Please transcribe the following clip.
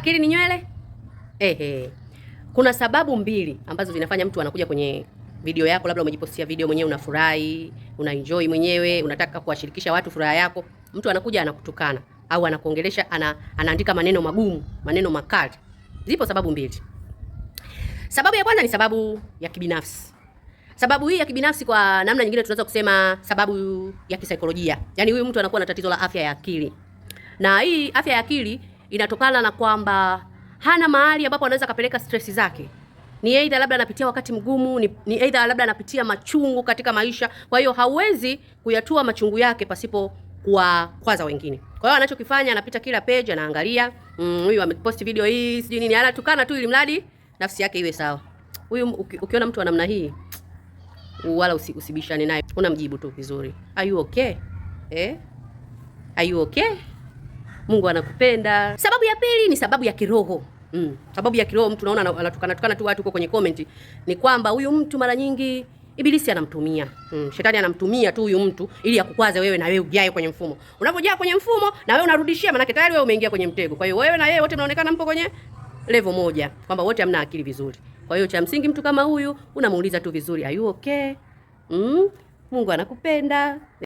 akili ni nywele. Ehe, kuna sababu mbili ambazo zinafanya mtu anakuja kwenye video yako. Labda umejipostia video mwenyewe, unafurahi, una enjoy mwenyewe, unataka kuwashirikisha watu furaha yako. Mtu anakuja anakutukana au anakuongelesha, ana, anaandika maneno magumu, maneno makali. Zipo sababu mbili. Sababu ya kwanza ni sababu ya kibinafsi. Sababu hii ya kibinafsi kwa namna nyingine tunaweza kusema sababu ya kisaikolojia. Yaani huyu mtu anakuwa na tatizo la afya ya akili. Na hii afya ya akili inatokana na kwamba hana mahali ambapo anaweza akapeleka stress zake ni aidha labda anapitia wakati mgumu, ni, ni aidha labda anapitia machungu katika maisha. Kwa hiyo hauwezi kuyatua machungu yake pasipo kwa kwaza wengine. Kwa hiyo anachokifanya anapita kila page, anaangalia mm, huyu mm, ameposti video hii sijui nini, anatukana tu ili mradi nafsi yake iwe sawa. Huyu uki, ukiona mtu wa namna hii wala usi, usibishane naye, unamjibu tu vizuri, are you okay? Eh, are you okay? Mungu anakupenda. Sababu ya pili ni sababu ya kiroho. Mm. Sababu ya kiroho mtu naona anatukana tukana tu watu huko kwenye comment ni kwamba huyu mtu mara nyingi ibilisi anamtumia. Mm. Shetani anamtumia tu huyu mtu ili akukwaze wewe na wewe ujae kwenye mfumo. Unapojaa kwenye mfumo na wewe unarudishia, maana tayari wewe umeingia kwenye mtego. Kwa hiyo wewe na yeye wote mnaonekana mpo kwenye level moja, kwamba wote hamna akili vizuri. Kwa hiyo cha msingi mtu kama huyu unamuuliza tu vizuri, are you okay? Mm. Mungu anakupenda.